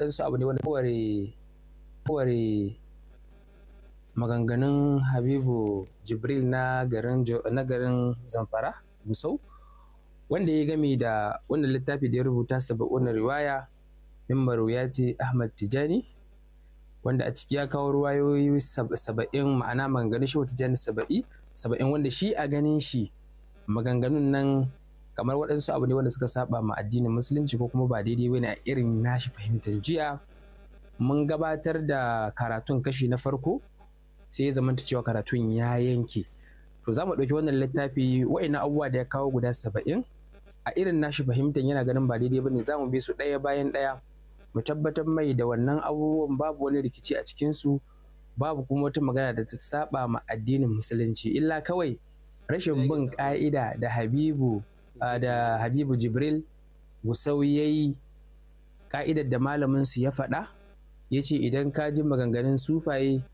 waɗansu abu ne wanda koware koware maganganun habibu jibril na garin na garin zamfara gusau wanda ya gami da wannan littafi da ya rubuta saba'un riwaya min maruyati ahmad tijani wanda a ciki ya kawo ruwayoyi saba'in ma'ana maganganun shi tijani saba'i saba'in wanda shi a ganin shi maganganun nan kamar waɗansu abu ne wanda suka saba ma addinin musulunci ko kuma ba daidai wani a irin nashi fahimtar jiya mun gabatar da karatun kashi na farko sai ya zamanta cewa karatun ya yanke to za mu ɗauki wannan littafi wa'ina abubuwa da ya kawo guda saba'in a irin nashi fahimtar yana ganin ba daidai bane za mu bi su ɗaya bayan ɗaya mu tabbatar mai da wannan abubuwan babu wani rikici a cikinsu babu kuma wata magana da ta saba ma addinin musulunci illa kawai rashin bin ka'ida da habibu da habibu jibril gusau ya yi ka'idar da malaminsu ya faɗa ya ce idan ka ji maganganun sufaye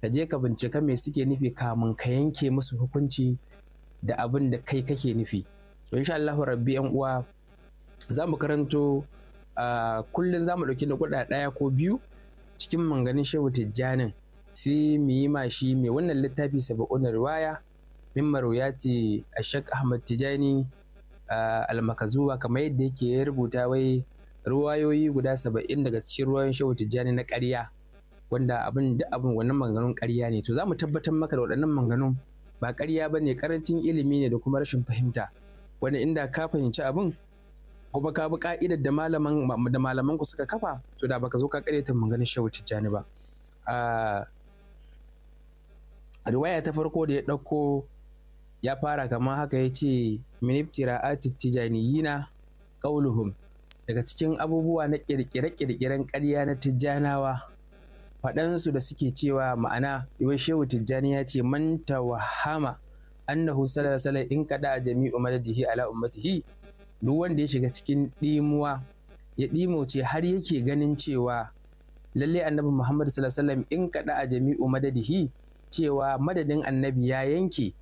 ka je ka bincika mai suke nufi kamun ka yanke musu hukunci da abin da kai kake nufi to insha Allah rabbi yan uwa za mu karanto kullum za mu ɗauki nukuɗa ɗaya ko biyu cikin manganin shehu tijjanin sai mu yi mashi mai wannan littafi sabaƙon riwaya min maruyati ashak ahmad Tijjani. almakazuba kamar yadda yake rubuta wai ruwayoyi guda saba'in daga cikin ruwayoyin shehu tijjani na ƙarya wanda abin da abin wannan maganganun ƙarya ne to za mu tabbatar maka da waɗannan maganganun ba ƙarya ba ne ƙarancin ilimi ne da kuma rashin fahimta wanda inda ka fahimci abin kuma ka bi ka'idar da malaman da malaman ku suka kafa to da baka zo ka ƙaryata maganganun shehu tijjani ba riwaya ta farko da ya ɗauko ya fara kamar haka ya ce miniftira'ati tijaniyina ƙauluhum daga cikin abubuwa na ƙirƙire-ƙirƙiren ƙarya na tijjanawa faɗansu da suke cewa ma'ana iwai shehu tijjani ya ce manta tawahama annahu sallallahu alaihi in kada jami'u madadihi ala ummatihi duk wanda ya shiga cikin ɗimuwa ya ɗimoce har yake ganin cewa lalle annabi Muhammad sallallahu alaihi in kada jami'u madadihi cewa madadin annabi ya yanke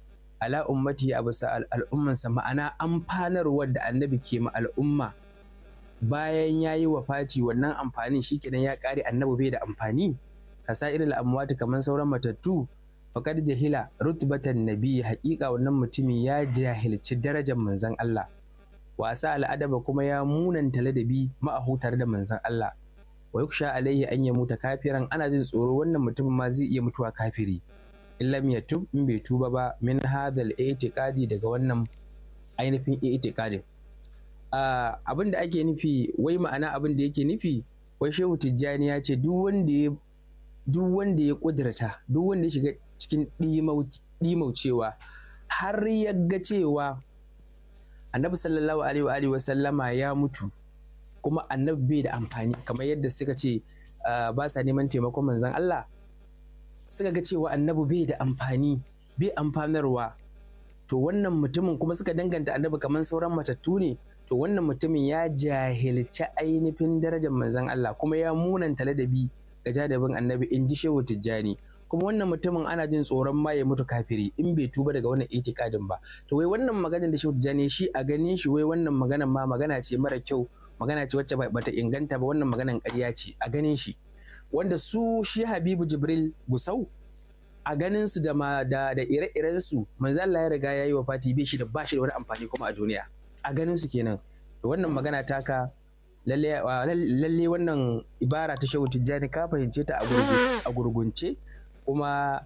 ala ummati a bisa al'ummansa ma'ana amfanarwar da annabi ke ma al'umma bayan ya yi wa wafati wannan amfanin shi kenan ya kare annabi bai da amfani irin amwati kamar sauran matattu Fakar jahila rutbatan nabi haƙiƙa wannan mutumi ya jahilci darajar manzan Allah wasa al'adaba kuma ya munanta ladabi ma'ahu tare da manzon Allah wa yuksha alaihi an ya mutu kafiran ana jin tsoro wannan mutumin ma zai iya mutuwa kafiri in lam tub in bai tuba ba min hadal i'tiqadi daga wannan ainihin i'tiqadin uh, ah, abin da ake nufi wai ma'ana abin da yake nufi wai shehu tijjani ya ce duk wanda ya duk wanda ya duk wanda ya shiga cikin ɗimaucewa har ya ga cewa annabi sallallahu alaihi wa sallama ya mutu kuma annabi bai da amfani kamar yadda suka ce ah, ba sa neman taimakon manzon Allah suka ga cewa annabi bai da amfani bai amfanarwa to wannan mutumin kuma suka danganta annabi kamar sauran matattu ne to wannan mutumin ya jahilci ainihin darajar manzon Allah kuma ya munanta ladabi ga jadabin annabi in ji shehu tijjani kuma wannan mutumin ana jin tsoron ma ya mutu kafiri in bai tuba daga wannan itikadin ba to wai wannan maganar da shehu tijjani shi a ganin shi wai wannan maganar ma magana ce mara kyau magana ce wacce bata inganta ba wannan maganar ƙarya ce a ganin shi wanda su shi habibu jibril gusau a ganin su da da, ire-iren su manzo Allah ya riga ya yi wa fati bai shi da ba shi da wani amfani kuma a duniya a ganin su kenan to wannan magana taka lalle lalle wannan ibara ta shehu tijjani ka fahimce ta a gurgunce kuma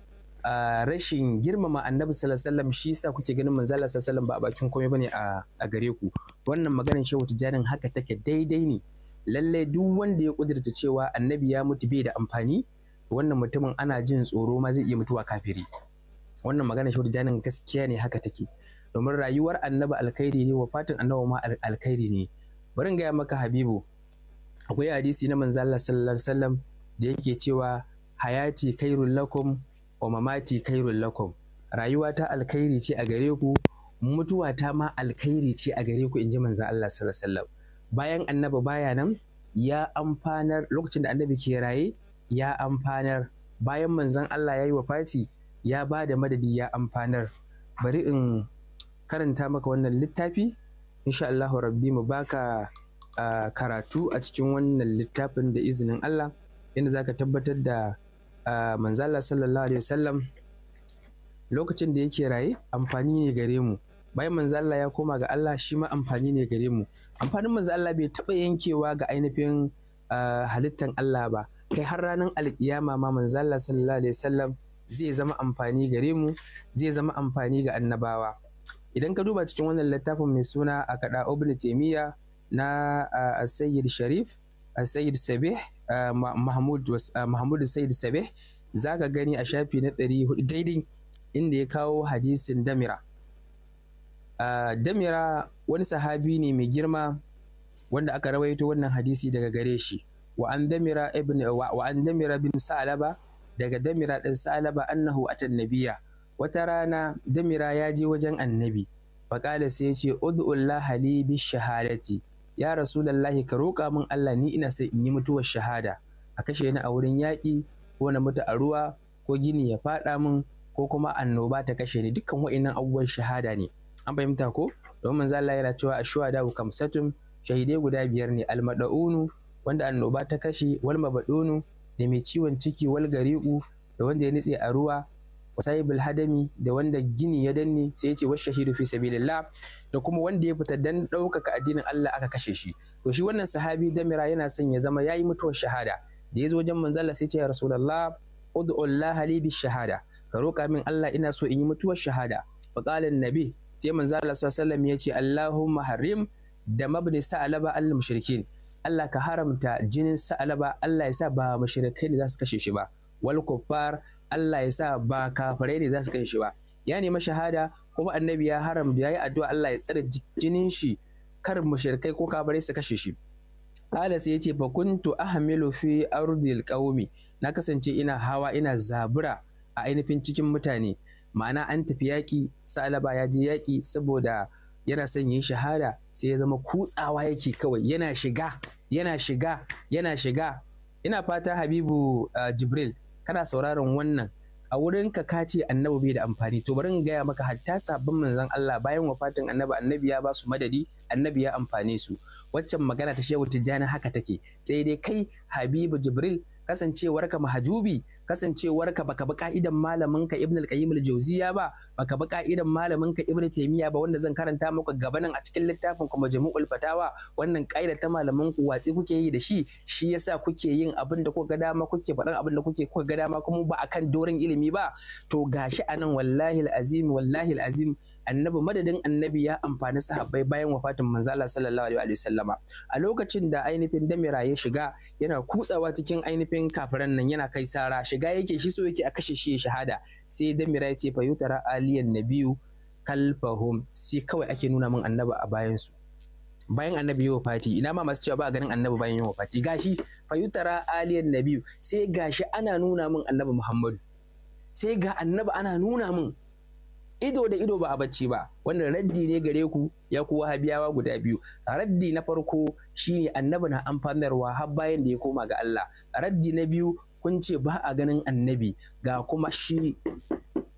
rashin girmama annabi sallallahu alaihi wasallam shi yasa kuke ganin manzo Allah sallallahu alaihi wasallam ba a bakin komai bane a gare ku wannan maganar shehu Tijjani, haka take daidai ne Lallai duk wanda ya kudirta cewa annabi ya mutu bai da amfani wannan mutumin ana jin tsoro ma zai iya mutuwa kafiri wannan magana shi janin gaskiya ne haka take domin rayuwar annabi alkhairi ne wafatin annabi ma alkhairi ne bari in gaya maka habibu akwai hadisi na manzo Allah sallallahu alaihi wasallam da yake cewa hayati khairul lakum wa mamati khairul lakum rayuwa ta alkhairi ce a gare ku mutuwa ta ma alkhairi ce a gare ku inji manzo Allah sallallahu alaihi wasallam bayan annabi baya nan ya amfanar lokacin da annabi ke raye ya amfanar bayan manzan Allah ya yi wa Fati, ya ba da madadi ya amfanar bari in karanta maka wannan littafi insha Allah rabbi mu baka karatu a cikin wannan littafin da izinin Allah inda zaka tabbatar da manzan manzala sallallahu alaihi wasallam lokacin da yake raye amfani ne gare mu bayan manzo Allah ya koma ga Allah shi ma amfani ne gare mu amfanin manzo Allah bai taɓa yankewa ga ainihin ah, halittan Allah ba kai har ranar alkiyama ma manzo Allah sallallahu alaihi wasallam zai zama amfani gare mu zai zama amfani ga annabawa idan ka duba cikin wannan littafin mai suna a kada ibn taymiya na ah, sayyid sharif sayyid sabih ah, mahmud mahmud sayyid sabih zaka gani a shafi na 400 daidai inda ya kawo hadisin damira damira wani sahabi ne mai girma wanda aka rawaito wannan hadisi daga gare shi wa an damira bin salaba daga damira ɗin salaba annahu atan wata rana damira ya je wajen annabi faƙala sai ya ce ud'ullaha li bi shahadati ya rasulullahi ka roƙa min Allah ni ina sai in yi mutuwar shahada a kashe ni a wurin yaƙi ko na mutu a ruwa ko gini ya faɗa min ko kuma annoba ta kashe ni dukkan wa'innan abubuwan shahada ne an fahimta ko domin manzo Allah yana cewa ashuhada kamsatun shahidai guda biyar ne almada'unu wanda annoba ta kashe wal mabadunu da mai ciwon ciki wal gariqu da wanda ya nitse a ruwa wasaibul hadami da wanda gini ya danne sai ya ce wa shahidu fi sabilillah da kuma wanda ya fita dan ɗaukaka addinin Allah aka kashe shi to shi wannan sahabi damira yana son ya zama yayi mutuwar shahada da ya zo wajen manzo Allah sai ya ce ya rasulullah ud'u Allah li bi shahada ka roka min Allah ina so in yi mutuwar shahada fa qala nabi sai manzo Allah sallallahu ya ce Allahumma harim da mabni sa'alaba al mushrikin Allah ka haramta jinin sa'alaba Allah ya sa ba mushrikai ne za su kashe shi ba wal kuffar Allah ya sa ba kafirai ne za su kashe shi ba ya nemi shahada kuma annabi ya haramta yayi addu'a Allah ya tsare jinin shi kar mushrikai ko kafirai su kashe shi Allah sai ce fa kuntu ahmilu fi ardil qaumi na kasance ina hawa ina zabura a ainihin cikin mutane ma'ana an tafi yaƙi salaba ya je yaƙi saboda yana son yin shahada sai ya zama kutsawa yake kawai yana shiga yana shiga yana shiga ina fata habibu uh, jibril kana sauraron wannan a wurin ka kace annabi bai da amfani to bari in gaya maka hatta sabbin manzon Allah bayan wafatin annabi annabi ya ba su madadi annabi ya amfane su waccan magana ta shehu tijjani haka take sai dai kai habibu jibril kasancewarka mahajubi kasancewarka baka bi ka'idan malamin ka Ibn al-Qayyim al-Jawziya ba baka bi ka'idan malamin ka Ibn Taymiyyah ba wanda zan karanta maka gaba nan a cikin littafin ku Jami'ul Fatawa wannan ka'ida ta malamin ku watsi kuke yi da shi shi yasa kuke yin abin da kuka ga dama kuke faɗan abin da kuke kuka ga dama kuma ba akan dorin ilimi ba to gashi anan wallahi al-azim wallahi al-azim annabi madadin annabi ya amfani sahabbai bayan wafatin manzala sallallahu alaihi wa sallama a lokacin da ainihin damira ya shiga yana kutsawa cikin ainihin kafiran nan yana kai sara shiga yake shi so yake a kashe shi ya shahada sai damira ya ce fa yutara aliyan nabiyu kalfahum sai kawai ake nuna min annabi a bayan su bayan annabi ya wafati ina ma masu cewa ba ganin annabi bayan ya wafati gashi fa yutara aliyan nabiyu sai gashi ana nuna min annabi Muhammadu sai ga annabi ana nuna min ido da ido ba a bacci ba wannan raddi ne gare ku ya kuwa habiyawa guda biyu raddi na farko shine annabi na amfanarwa har bayan da ya koma ga Allah raddi na biyu kun ce ba a ganin annabi ga kuma shi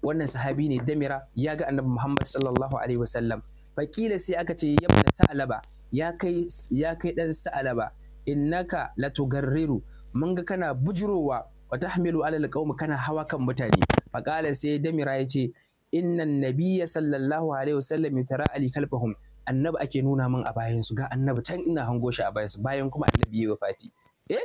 wannan sahabi ne damira ya ga annabi Muhammad sallallahu alaihi wasallam fakila sai aka ce ya mana sa'alaba ya kai ya kai dan sa'alaba innaka latugarriru mun ga kana bujurowa wa tahmilu alal qaumi kana hawa kan mutane fakala sai damira ya ce innan nabiyya sallallahu alaihi wasallam yutara ali kalbahum annabi ake nuna min a bayan su ga annabi can ina hango shi a bayan su bayan kuma annabi ya wafati eh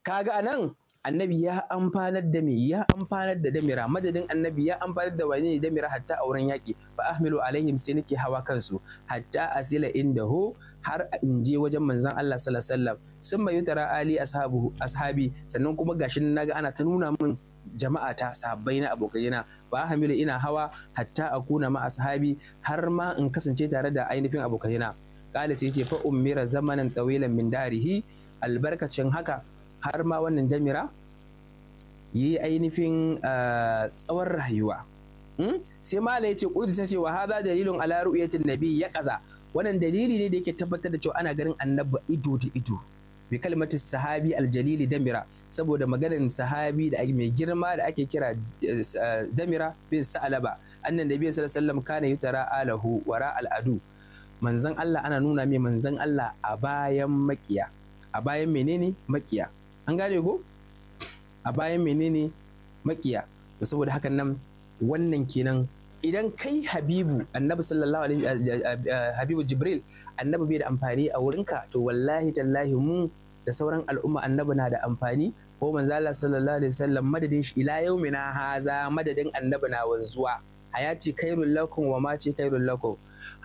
kaga anan annabi ya amfanar da me ya amfanar da damira madadin annabi ya amfanar da wani ne damira hatta auren yaki fa ahmilu alaihim sai nake hawa kansu hatta asila indahu har in je wajen manzon Allah sallallahu alaihi wasallam sun ali ashabu ashabi sannan kuma gashin naga ana ta nuna min jama'a ta sahabbai na abokaina ba hamilu ina hawa hatta a kuna ma ashabi har ma in kasance tare da ainihin abokaina kala sai ce fa ummira zamanan tawilan min darihi albarkacin haka har ma wannan jamira yi ainihin ah, tsawon rayuwa hmm? sai mala ce kudi ta ce wa haza dalilun ala ru'yatin nabi ya kaza wannan dalili ne da yake tabbatar da cewa ana ganin annabi ido da ido bi kalmatis sahabi aljalili damira saboda maganin sahabi da mai girma da ake kira eh, eh, damira bin sa'alaba annan da biyu sallallahu kana yutara alahu wara al'adu manzan Allah ana nuna mai manzan Allah a bayan makiya a bayan menene makiya an gane go a bayan menene makiya to saboda hakan nan wannan kenan idan kai habibu annabi sallallahu alaihi eh, eh, eh, habibu jibril annabi bai da amfani a wurinka to wallahi tallahi mu da sauran al'umma annabi na da amfani ko manzala sallallahu alaihi wasallam madadin shi ila yaumina haza madadin annabi na wanzuwa hayati khairul lakum wa mati khairul lakum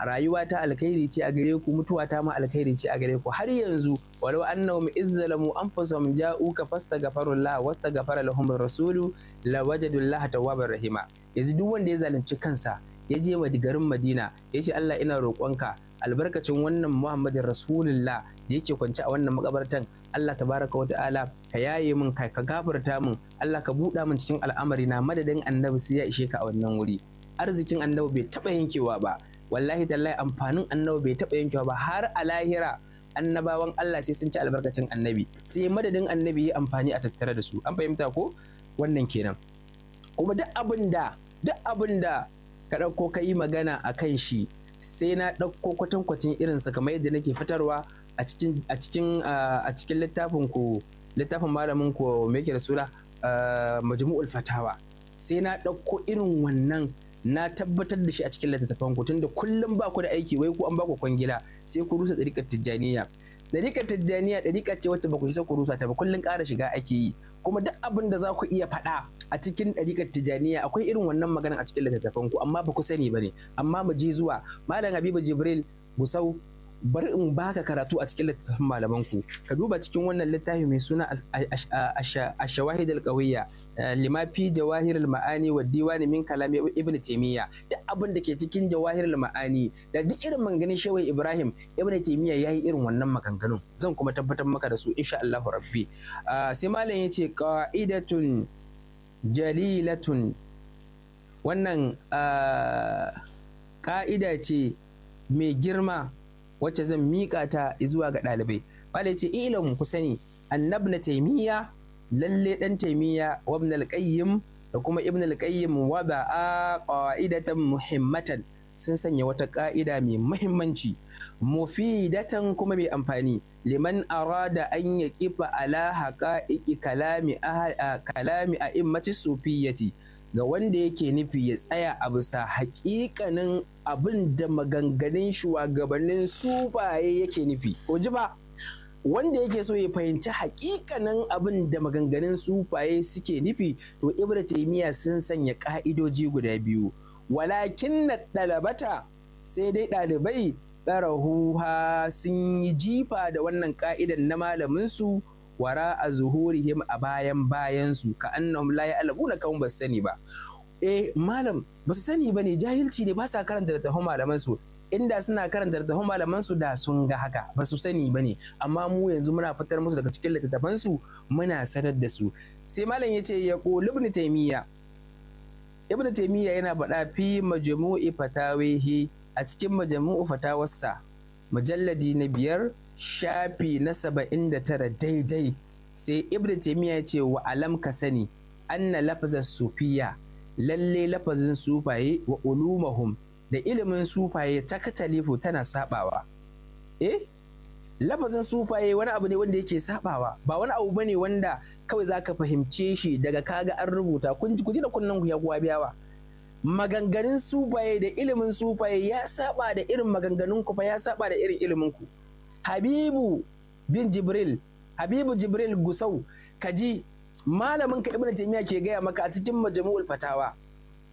rayuwa ta alkhairi ce a gare ku mutuwa ta ma alkhairi ce a gare ku har yanzu walau annahum izzalamu anfusahum ja'uka fastaghfirullah wastaghfara lahum rasulu lawajadullaha tawwabar rahima yanzu duk wanda ya zalunci kansa ya je garin Madina ya ce Allah ina roƙonka albarkacin wannan Muhammadin Rasulullah da yake kwance a wannan makabartan Allah tabaraka wa ta'ala ka yaye min ka gafarta min Allah ka buɗa min cikin al'amari na madadin annabi sai ya ishe ka a wannan wuri arzikin annabi bai taɓa yankewa ba wallahi tallahi amfanin annabi bai taɓa yankewa ba har a lahira annabawan Allah sai sun ci albarkacin annabi sai madadin annabi yi amfani a tattare da su an fahimta ko wannan kenan kuma duk abin da duk abin da ka ɗauko ka yi magana a kan shi sai na ɗauko kwatankwacin irinsa kamar yadda nake fitarwa a cikin a cikin a cikin littafin ku littafin malamin ku me yake da sura ah, majmu'ul fatawa sai na ɗauko irin wannan na tabbatar da shi a cikin littattafan ku tunda kullum ba ku da aiki wai ku an ba ku kwangila sai ku rusa dariƙar tijjaniya ɗariƙar tijjaniya dariƙar ce wacce ba ku sai ku rusa ta ba kullum ƙara shiga ake yi kuma duk abin da za ku iya faɗa a cikin ɗariƙar tijjaniya akwai irin wannan magana a cikin littattafan ku amma ba ku sani ba ne amma mu je zuwa malam habibu jibril gusau bari in baka karatu a cikin littattafan malaman ku ka duba cikin wannan littafi mai suna a Shawahidal al Eh, lima fi jawahirul ma'ani wa diwani min kalami ibn taymiya duk abin da ke cikin jawahirul ma'ani da duk irin maganganun shehu ibrahim ibn taymiya yayi irin wannan maganganun zan kuma tabbatar maka da su insha Allah rabbi eh, sai malam yace qa'idatun jalilatun wannan ka'ida eh, ce mai girma wacce zan miƙa ta zuwa ga ɗalibai malam yace ilamu ku sani annabna taymiya lalle dan taimiyya wa ibn al-qayyim da kuma ibn al-qayyim a qa'idatan muhimmatan sun sanya wata ka'ida mai muhimmanci mufidatan kuma mai amfani liman arada an ya kifa ala haqa'iqi kalami a immaci sufiyyati ga wanda yake nufi ya tsaya a bisa haƙiƙanin abin da maganganun shugabannin sufaye yake nufi ko ji ba wanda yake so ya fahimci hakikanin abin da maganganun sufaye suke nufi to ibra taimiya sun sanya ka'idoji guda biyu walakin na ɗalabata sai dai ɗalibai ɗarahuha sun yi jifa da wannan ka'idan na malaminsu wara a zuhurihim a bayan bayansu ka annahum la na kawun ba sani ba eh malam ba su sani ba ne jahilci ne ba sa karanta da malaman su inda suna karanta littattafan malaman su da sun ga haka ba su sani ba ne amma mu yanzu muna fitar musu daga cikin littattafan su muna sanar da su sai malam ya ce ya qul ibn taymiya ibn taymiya yana faɗa fi majmu'i fatawihi a cikin majmu'u fatawarsa mujalladi na biyar shafi na saba'in da tara daidai sai ibn taymiya ya ce wa alam ka sani anna lafazan sufiya lalle lafazin sufaye wa ulumahum da ilimin sufaye ta katalifu tana sabawa eh lafazin sufaye wani abu ne wanda yake sabawa ba wani abu bane wanda kawai za ka fahimce shi daga kaga an rubuta kun ji da ku ya kuwa biyawa maganganun sufaye da ilimin sufaye ya saba da irin maganganun ku fa ya saba da irin ilimin ku habibu bin jibril habibu jibril gusau kaji malamin ka ibnu taymiya ke gaya maka a cikin majmu'ul fatawa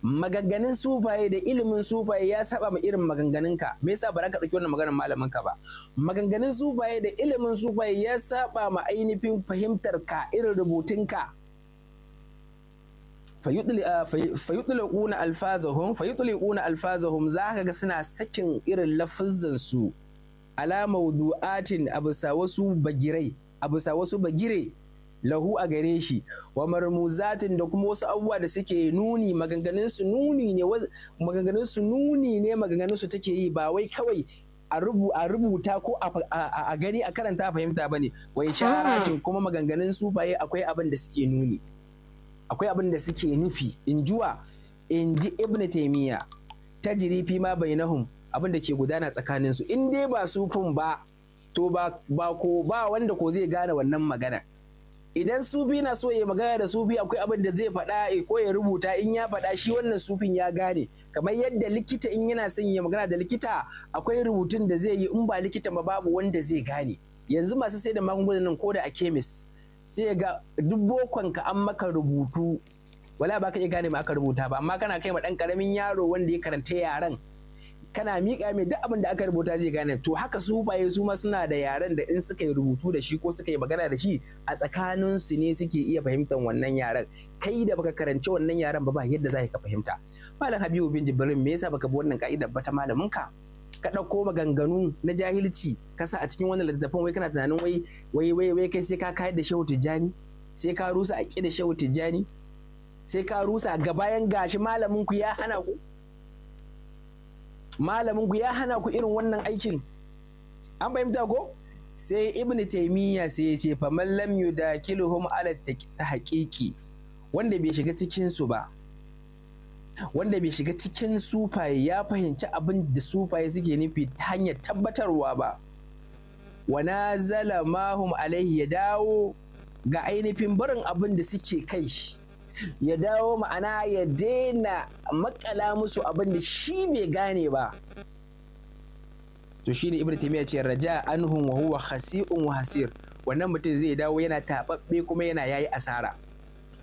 maganganun sufaye da ilimin sufaye ya saba ma irin maganganun ka me yasa ba ka ɗauki wannan maganar malamin ka ba maganganun sufaye da ilimin sufaye ya saba ma ainihin fahimtar ka irin rubutun ka fayutuliquna ah, alfazahum quna alfazahum za ka ga suna sakin irin lafazzan su ala mawdu'atin abusa wasu bagirai abusa wasu bagire lahu a gare shi wa marmuzatin da kuma wasu abubuwa da suke nuni maganganun su nuni ne maganganun su take yi ba wai kawai a rubuta ko a gani a karanta a fahimta bane wa isharatin ah. kuma maganganun su baye akwai abin da suke nuni akwai abin da suke nufi in juwa in ji ibnu taymiya tajri fi ma bainahum abin da ke gudana tsakanin su in dai ba sufin ba to ba ko ba wanda ko zai gane wannan magana idan sufi na so ya magana da sufi akwai abin da zai faɗa eh, ko ya rubuta in ya faɗa shi wannan sufin ya gane kamar yadda likita in yana son ya magana da likita akwai rubutun da zai yi in ba likita ma babu wanda zai gane yanzu masu sai da magungunan nan ko da a kemis sai ga duk bokon ka an maka rubutu wala ba ka iya gane ma aka rubuta ba amma kana kai ma dan karamin yaro wanda ya karanta yaran kana miƙa mai duk abin da aka rubuta zai gane to haka su baye su ma suna da yaren da in suka yi rubutu da shi ko suka yi magana da shi a tsakanin su ne suke iya fahimtar wannan yaren kai da baka karanci wannan yaren ba ba yadda za ka fahimta malam habibu bin jibrin me yasa baka bi wannan ka'ida ba ta malamin ka ka ɗauko maganganu na jahilci ka sa a cikin wannan littattafan wai kana tunanin wai wai wai wai kai sai ka kayar da shehu tijjani sai ka rusa a da shehu tijjani sai ka rusa ga bayan gashi malamin ku ya hana ku malamin ku ya hana ku irin wannan aikin an fahimta ko sai ibnu taymiya sai ya ce faman lam yudakiluhum ala tahqiqi wanda bai shiga cikin su ba wanda bai shiga cikin sufaye ya fahimci abin da sufaye suke nufi ta hanyar tabbatarwa ba wana zala mahum alaihi ya dawo ga ainihin barin abin da suke kai shi ya dawo ma'ana ya daina makala musu abin da shi bai gane ba to shine ibnu taymiya ce raja anhum wa huwa khasi'un wa hasir wannan mutum zai dawo yana taɓaɓɓe kuma yana yayi asara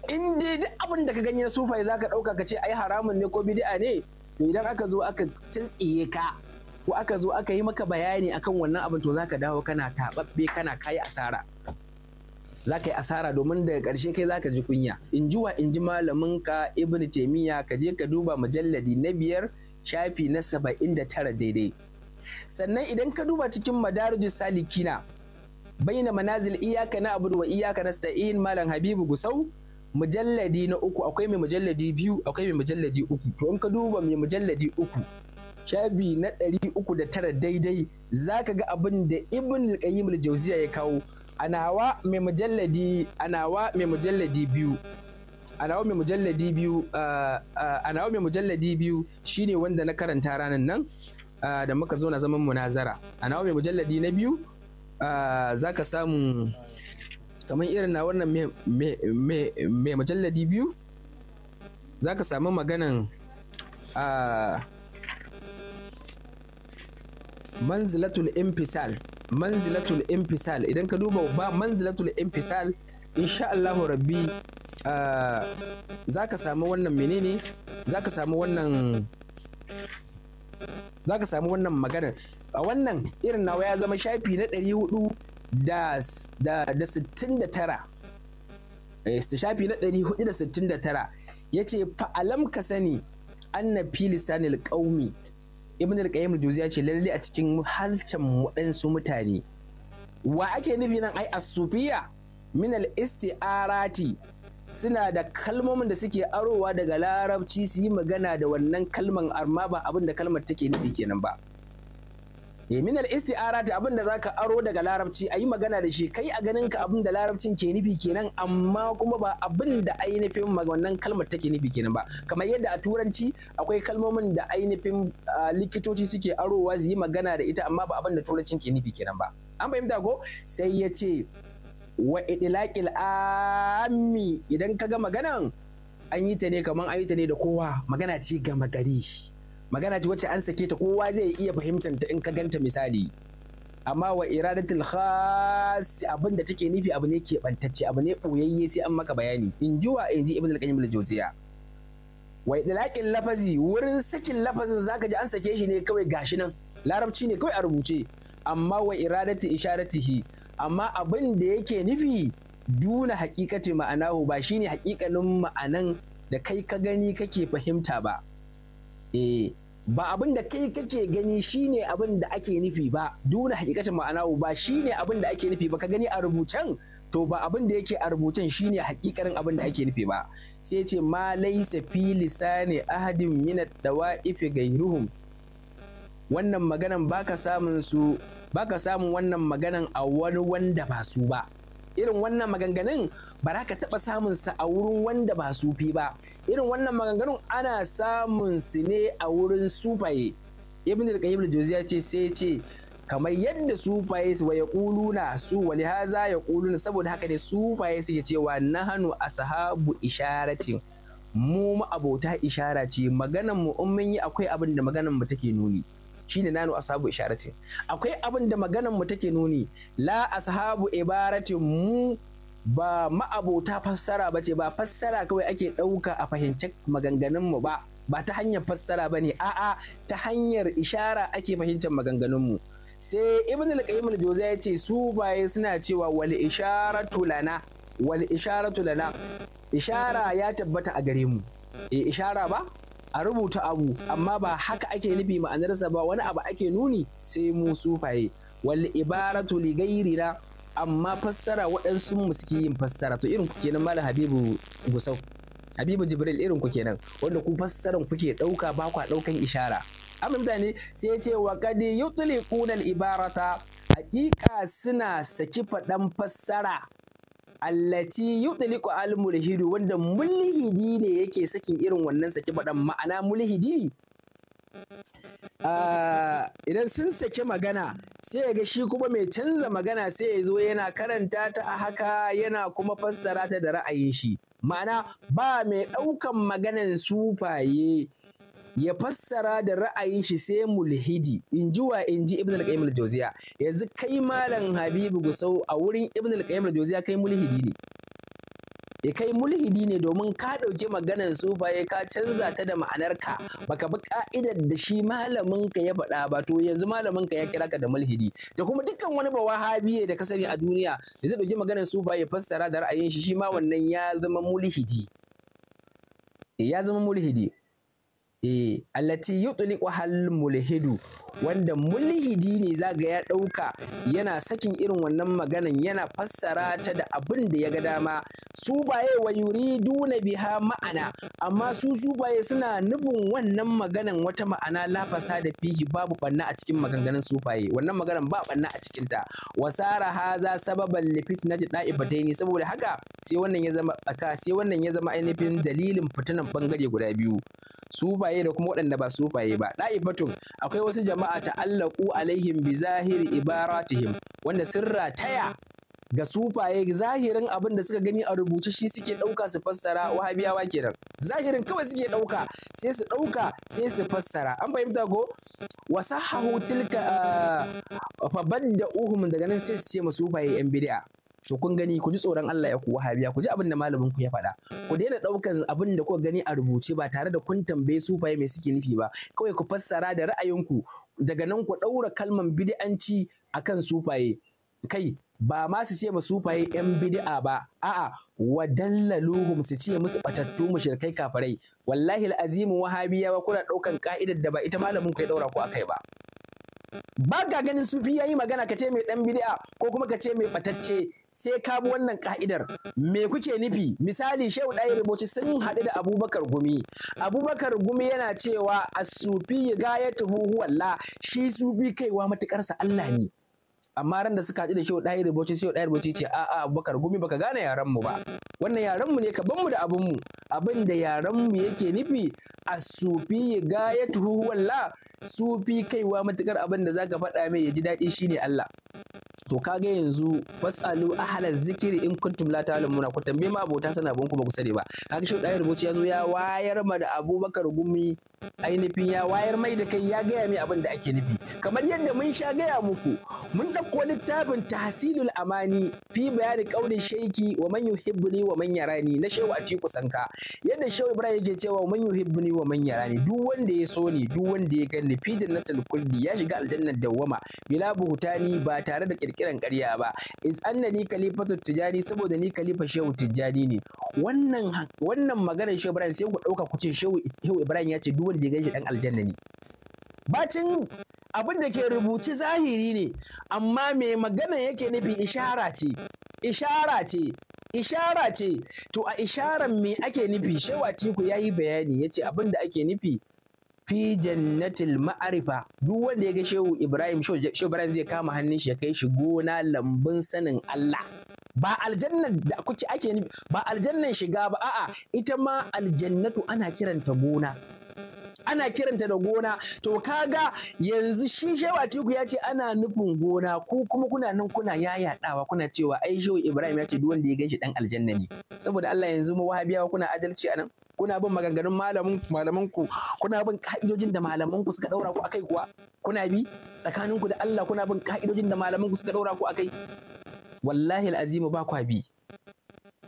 in dai duk abin da ka gani na sufai zaka ɗauka ka ce ai haramun ne ko bid'a ne to idan aka zo aka tsintsiye ka ko aka zo aka yi maka bayani akan wannan abin to zaka dawo kana taɓaɓɓe kana kayi asara za ka yi asara domin daga ƙarshe kai za ka ji kunya in ji wa in ji malamin ka ibn taimiya ka je ka duba mujalladi na biyar shafi na saba'in da tara daidai sannan idan ka duba cikin madarijus salikina baina manazil iyaka na abu wa iyaka na sta'in malam habibu gusau mujalladi na uku akwai mai mujalladi biyu akwai mai mujalladi uku to in ka duba mai mujalladi uku shabi na ɗari uku da tara daidai za ka ga abin da ibn al-qayyim al ya kawo a nawa mai mujalladi a nawa mai mujalladi biyu a nawa mai mujalladi biyu a nawa mai mujalladi biyu shine wanda na karanta ranan nan da muka zo na zaman munazara a nawa mai mujalladi na biyu za ka samu kamar irin na wannan mai mujalladi biyu za ka samu maganan manzilatul infisal manzilatul infisal idan ka duba ba manzilatul infisal insha Allahu rabbi ah, za ka samu wannan menene za ka samu wannan za ka samu wannan maganar a wannan irin nawa ya zama shafi na 400 da sittin da tara eh, shafi na 469 ya ce fa'alam ka sani an na filisanil ƙaumi ibn al-qayyim al-juziyya ce lalle a cikin halcan waɗansu mutane wa ake nufi nan ai as-sufiya min al-isti'arati suna da kalmomin da suke arowa daga larabci su yi magana da wannan kalmar amma ba abin da kalmar take nufi kenan ba e eh, min al-isti'ara ta abin da zaka aro daga larabci a yi magana da shi kai a ganin ka abin da larabcin ke nufi kenan amma kuma ba abin da ainihin wannan kalmar take nufi kenan ba kamar yadda a turanci akwai kalmomin da ainihin likitoci suke arowa su yi magana da ita amma ba abin da turancin ke nufi kenan ba an fahimta ko sai ya ce wa idlaqil ammi idan ka ga maganan an yi ta ne kamar an yi ta ne da kowa magana ce gama gari magana ce wacce an sake ta kowa zai iya fahimtar ta in ka ganta misali amma wa iradatul khas abin da take nufi abu ne keɓantacce abu ne ɓoyayye sai an maka bayani in ji wa in ji ibn al-qayyim al-jawziya wa idlaqin lafazi wurin sakin lafazin zaka ji an sake shi ne kawai gashi nan larabci ne kawai a rubuce amma wa iradatu isharatihi amma abin da yake nufi duna haƙiƙati ma'anahu ba shine haƙiƙanin ma'anan da kai ka gani kake fahimta ba eh ba abin da kai kake gani shine abin da ake nufi ba duna hakikatin ma'ana ba shine abin da ake nufi ba ka gani a rubucen to ba abin da yake a rubucen shine hakikarin abin da ake nufi ba sai ce ma laisa fi lisani ahadin min dawaifi gairuhum wannan maganan baka samun su baka samun wannan maganan a wani wanda ba su ba irin wannan maganganun ba za ka taɓa samun sa a wurin wanda ba su fi ba irin wannan maganganun ana samun su ne a wurin sufaye ibn al-qayyim al-jawziya ce sai ce kamar yadda sufaye su waye yaquluna su haza ya yaquluna saboda haka ne sufaye suke cewa nahanu ashabu isharatin mu abota ishara ce maganan mu in mun yi akwai abin da maganan mu take nuni shine nanu ashabu isharatin akwai abin da maganan mu take nuni la ashabu ibaratin mu ba ma'abota fassara ba ce ba fassara kawai ake ɗauka a fahimci maganganunmu ba ba ta hanyar fassara ba ne a'a ta hanyar ishara ake fahimtar maganganunmu sai ibn al-qayyim al ya ce su baye suna cewa wal isharatu lana wal isharatu lana ishara ya tabbata a gare mu e ishara ba a rubuta abu amma ba haka ake nufi ma'anarsa ba wani abu ake nuni sai mu sufaye wal ibaratu li ghayrina amma fassara waɗansu mu suke yin fassara to irin ku kenan malam habibu gusau habibu jibril irin ku kenan wanda ku fassaran kuke ɗauka ba kwa ɗaukan ishara amma mutane sai ya ce wa kadi yutliquna al-ibarata haƙiƙa suna saki faɗan fassara allati yutliqu al-mulhidu wanda mulhidi ne yake sakin irin wannan saki faɗan ma'ana mulhidi Ah, idan sun saki magana sai ya ga shi kuma mai canza magana sai ya zo yana karanta ta a haka yana kuma fassara ta da ra'ayin shi ma'ana ba mai ɗaukan maganan sufaye ya fassara da ra'ayin shi sai mulhidi in ji wa in ji ibn al-qayyim al-jawziya yanzu kai malam habibu gusau a wurin ibn al-qayyim al-jawziya kai mulhidi ne ya kai mulhidi ne domin ka ɗauki maganar sufaye ka canza ta da ma'anarka baka bi ka'idar da shi malamin ka ya faɗa ba to yanzu malamin ka ya kira ka da mulhidi da kuma dukkan wani ba wahabiye da ka sani a duniya da zai ɗauki maganar sufaye fassara da ra'ayin shi shi ma wannan ya zama mulhidi eh, ya zama mulhidi eh allati yutliqu hal mulhidu wanda mulhidi ne zaga ya ɗauka yana sakin irin wannan maganan yana fassara ta da abin da ya ga dama su baye wa yuri, duna biha ma'ana amma su su baye suna nufin wannan maganan wata ma'ana lafasa da fihi babu banna a cikin maganganun su baye wannan maganan ba banna a cikin ta wasara haza sababan li fitnati da'ibataini saboda haka sai wannan ya zama sai wannan ya zama ainihin dalilin fitinan bangare guda biyu sufaye da kuma waɗanda ba sufaye ba ɗa'ifatun akwai wasu jama'a ta'allaku alaihim bi zahiri ibaratihim wanda sirra taya ga sufaye zahirin abin da suka gani a rubuce shi suke ɗauka su fassara wahabiyawa kenan zahirin kawai suke ɗauka sai su ɗauka sai su fassara an fahimta ko wasahahu tilka ah, fa uhum daga nan sai su ce ma sufaye yan bid'a to kun gani ku ji tsoron Allah ya ku wahabiya ku ji abin da malamin ku ya faɗa ku daina ɗaukan abin da kuka gani a rubuce ba tare da kun tambaye sufaye mai suke nufi ba kawai ku fassara da ra'ayinku daga nan ku ɗaura kalman bid'anci akan sufaye kai ba ma su ce ma sufaye yan bid'a ba a'a wa dallaluhum su ce musu batattu shirkai kafirai wallahi al'azimu wahabiyawa kuna ɗaukan ka'idar da ba ita malamin ku ya ɗaura ku akai ba ba ka ganin sufi yi magana ka ce mai dan bid'a ko kuma ka ce mai batacce sai ka bi wannan ka'idar me kuke nufi misali shehu ɗaya riboci sun haɗu da abubakar gumi abubakar gumi yana cewa asufi Tuhu, Huwalla shi sufi kaiwa sa Allah ne amma ran da suka haɗu da shehu ɗaya riboci shehu ɗaya riboci ce a'a abubakar gumi baka gane yaran mu ba wannan yaran mu ne ka ban mu da abun mu abin da yaran mu yake nufi asufi Tuhu, Huwalla. Sufi kaiwa matukar abin da zaka faɗa mai ya ji daɗi ne Allah to ga yanzu fasalu halar zikiri in kuntum la ta'lamuna ku tambaye ma abota sana bin ku ba ku sani ba kaga shi dai rubuci ya zo ya wayar ma da Abubakar Gumi ainihin ya wayar mai da kai ya gaya mai abin da ake nufi kamar yadda mun sha gaya muku mun ɗauko littafin tahsilul amani fi bayani kaulin shaiki wa man yuhibbuni wa man yarani na shehu Atiku Sanka yadda shehu Ibrahim yake cewa man yuhibbuni wa man yarani duk wanda ya so ni duk wanda ya ganni fi jannatul kulli ya shiga aljannar dawwama bila buhutani ba tare da kiran ƙarya ba is annani khalifatu tijani saboda ni kalifa shehu tijjani ne wannan wannan magana shehu ibrahim sai ku ɗauka ku ce shehu ibrahim ya ce duk wanda ya ganshi dan aljanna ne bacin abin da ke rubuci zahiri ne amma mai magana yake nufi ishara ce ishara ce ishara ce to a isharar me ake nufi shewa tiku yayi bayani yace abin da ake nufi fi jannatil ma'arifa duk wanda ya ga shehu ibrahim shehu ibrahim zai kama hannun shi ya kai shi gona lambun sanin allah ba aljannan da kuke ake ba aljannan shiga ba a'a ita ma aljannatu ana kiranta gona ana kiranta da gona to kaga yanzu shi shewa tiku ya ce ana nufin gona ku kuma kuna nan kuna yayaɗawa kuna cewa ai shehu Ibrahim ya ce duk wanda ya ganshi dan aljanna ne saboda Allah yanzu mu wahabiyawa kuna adalci nan kuna bin maganganun malamin malamin ku kuna bin ka'idojin da malaman ku suka daura ku akai kuwa kuna bi tsakanin ku da Allah kuna bin ka'idojin da malaman ku suka daura ku akai wallahi al'azimu ba kwa bi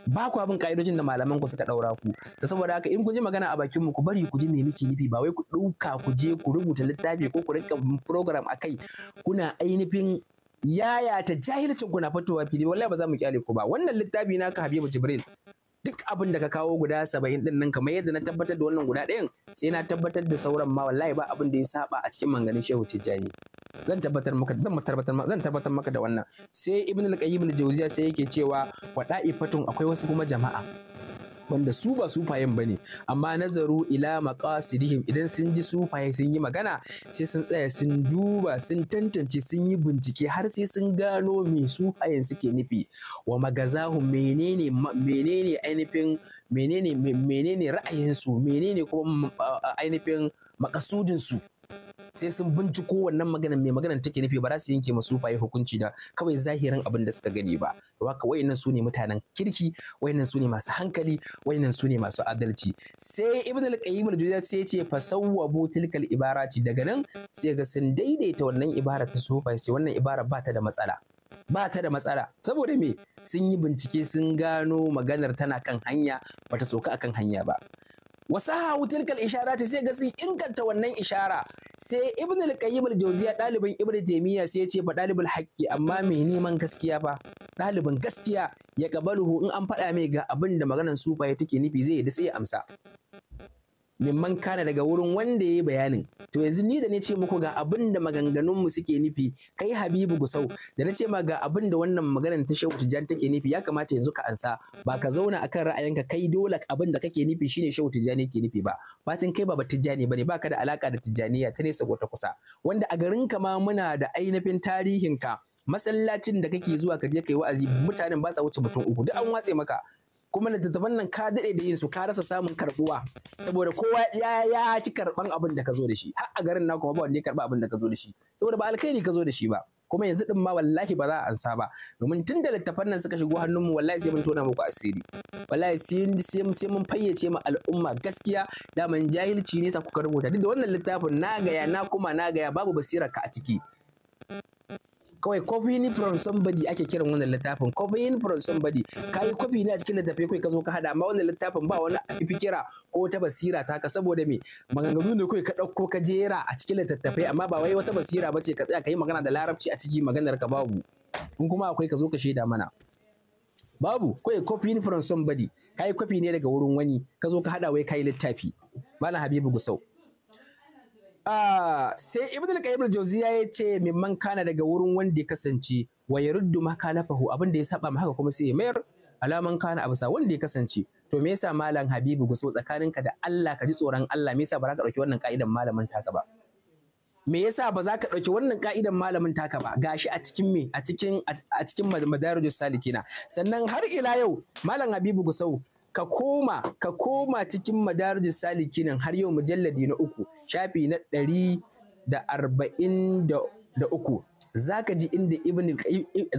ba ku abin ka'idojin da malaman ku suka daura ku da saboda haka in kun ji magana a bakin mu ku bari ku ji me miki nufi ba wai ku ɗauka ku je ku rubuta littafi ko ku rinka program akai kuna ainihin yaya ta jahilcin kuna fitowa fili wallahi ba za mu kyale ku ba wannan littafi ka Habibu Jibril duk abin da ka kawo guda saba'in din nan kamar yadda na tabbatar da wannan guda ɗayan sai na tabbatar da sauran ma wallahi ba abin da ya saba a cikin manganin Shehu Tijjani zan tabbatar maka zan tabbatar maka zan tabbatar maka da wannan sai ibn al-qayyim al-jawziya sai yake cewa wa da'ifatun akwai wasu kuma jama'a wanda su ba sufayen bane amma nazaru ila maqasidihim idan sun ji sufaye sun yi magana sai sun tsaya sun duba sun tantance sun yi bincike har sai sun gano me sufayen suke nufi wa magazahu menene menene ainihin menene menene ra'ayinsu menene kuma ainihin su sai sun binciko wannan magana mai magana take nufi ba za su yanke masu faye hukunci da kawai zahirin abin da suka gani ba to haka wayannan su ne mutanen kirki wayannan su ne masu hankali wayannan su ne masu adalci sai ibn al-qayyim al-juzayy sai ya ce fasawwabu tilkal ibarati daga nan sai ga sun daidaita wannan ibara ta sufa sai wannan ibara ba ta da matsala ba ta da matsala saboda me sun yi bincike sun gano maganar tana kan hanya bata soka akan hanya ba wasu hawu tilkal ishara ta sai ga sun inganta wannan ishara sai ibn al-qayyim al-jawziya dalibin ibn jamiya sai ya ce ba dalibul haqqi amma mai neman gaskiya ba dalibin gaskiya ya kabaluhu in an faɗa mai ga abin da maganar sufaye take nufi zai yi sai ya amsa mimman kana daga wurin wanda ya yi bayanin to yanzu ni da na ce muku ga abin da maganganunmu suke nufi kai habibu gusau da na ce ma ga abin da wannan maganar ta shehu tijjani take nufi ya kamata yanzu ka ansa ba ka zauna akan ra'ayinka kai dole abin da kake nufi shine shehu tijjani yake nufi ba fatin kai ba ba tijjani bane baka da alaka da tijjaniya ta ne ko ta kusa wanda a garin ka ma muna da ainihin ka masallacin da kake zuwa ka je kai wa'azi mutanen ba sa wuce mutum uku duk an watse maka kuma littattafan nan ka daɗe da yin su ka rasa samun karbuwa saboda kowa ya ya ci karɓan abin da ka zo da shi har a garin naku ba wanda ya karba abin da ka zo da shi saboda ba alkhairi ka zo da shi ba kuma yanzu din ma wallahi ba za a ansa ba domin tun da littafan nan suka shigo hannunmu wallahi sai mun tona muku asiri wallahi sai mun fayyace ma al'umma gaskiya da man jahilci ne sa kuka rubuta duk da wannan littafin na gaya na kuma na gaya babu ka a ciki kawai ni from somebody ake kiran wannan littafin ni from somebody ka yi copy ne a cikin littafi kai ka zo ka hada amma wannan littafin ba wani fikira ko ta basira ta ka saboda me maganganu ne kai ka dauko ka jera a cikin littattafai amma ba wai wata basira bace ka tsaya ka yi magana da larabci a ciki maganar ka babu in kuma akwai ka zo ka shaida mana babu kawai ni from somebody ka yi ne daga wurin wani ka zo ka hada wai ka yi littafi malam habibu gusau sai ibn al-qayyim al-jawziya ya ce mimman kana daga wurin wanda ya kasance wa yaruddu ma na abin abinda ya saba haka kuma sai ya mayar alaman kana abusa wanda ya kasance to me yasa malam habibu tsakanin ka da Allah ka ji tsoron Allah me yasa ba za ka dauki wannan ka'idan malamin taka ba me yasa ba za ka ɗauki wannan ka'idan malamin taka ba gashi a cikin me a cikin a cikin madarijus salikina sannan har ila yau malam habibu gusau ka koma ka koma cikin madarijus salikinin har yau mujalladi na uku shafi na ɗari da arba'in da uku za ka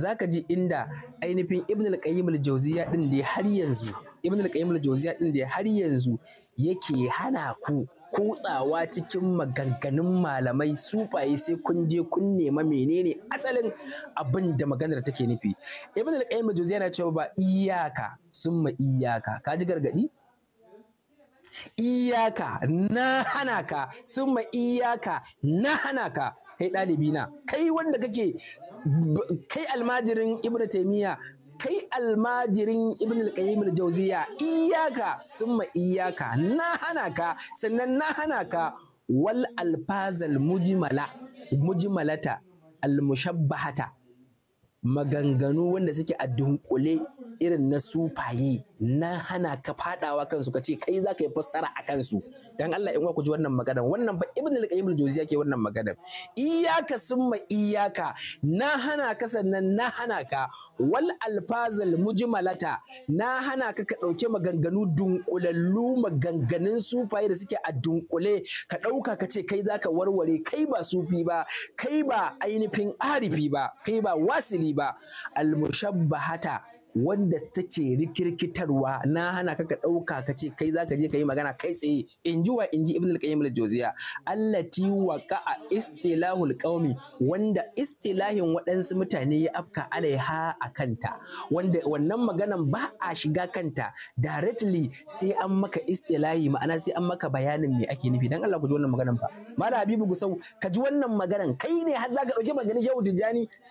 zaka ji inda ainihin ibn al-qayyim al-jawziya din da har yanzu ibn al-qayyim al-jawziya din da har yanzu yake hana ku kutsawa cikin maganganun malamai sufaye sai kun je kun nema menene asalin abin da maganar take nufi ibn al-qayyim juzi yana cewa ba iyaka summa iyaka ka ji gargadi iyaka na hana ka summa iyaka na hana ka kai ɗalibina, na kai wanda kake kai almajirin ibnu taymiya kai almajirin ibn al-qayyim al-jawziya iyaka summa iyaka na hana ka sannan na hana ka wal alfazal mujmala mujmalata almushabbahata maganganu wanda suke a dunkule irin na sufaye na hana ka fadawa kansu ka ce kai za ka yi fassara a kansu dan Allah in ku ji wannan magana wannan ba ibn al-qayyim al jawzi ke wannan magana iyaka summa iyaka na hana ka sannan na hana ka wal alfazal mujmalata na hana ka ka dauke maganganu dunkulallu maganganun sufaye da suke a dunkule ka dauka ka ce kai zaka warware kai ba sufi ba kai ba ainihin arifi ba kai ba wasili ba al mushabbahata Wanda take rikirkitarwa na hana kaka ka ɗauka ka ce kai zaka je ka yi magana kai tsaye in ji wa in ji ibn al-qayyim al-jawziya allati waqa'a istilahul qaumi wanda istilahin waɗansu mutane ya afka alaiha a kanta wanda wannan maganan ba a shiga kanta directly sai an maka istilahi ma'ana sai an maka bayanin me ake nufi dan Allah ku ji wannan maganan fa mala habibu gusau ka ji wannan maganan kai ne har zaka ka ɗauki maganin shehu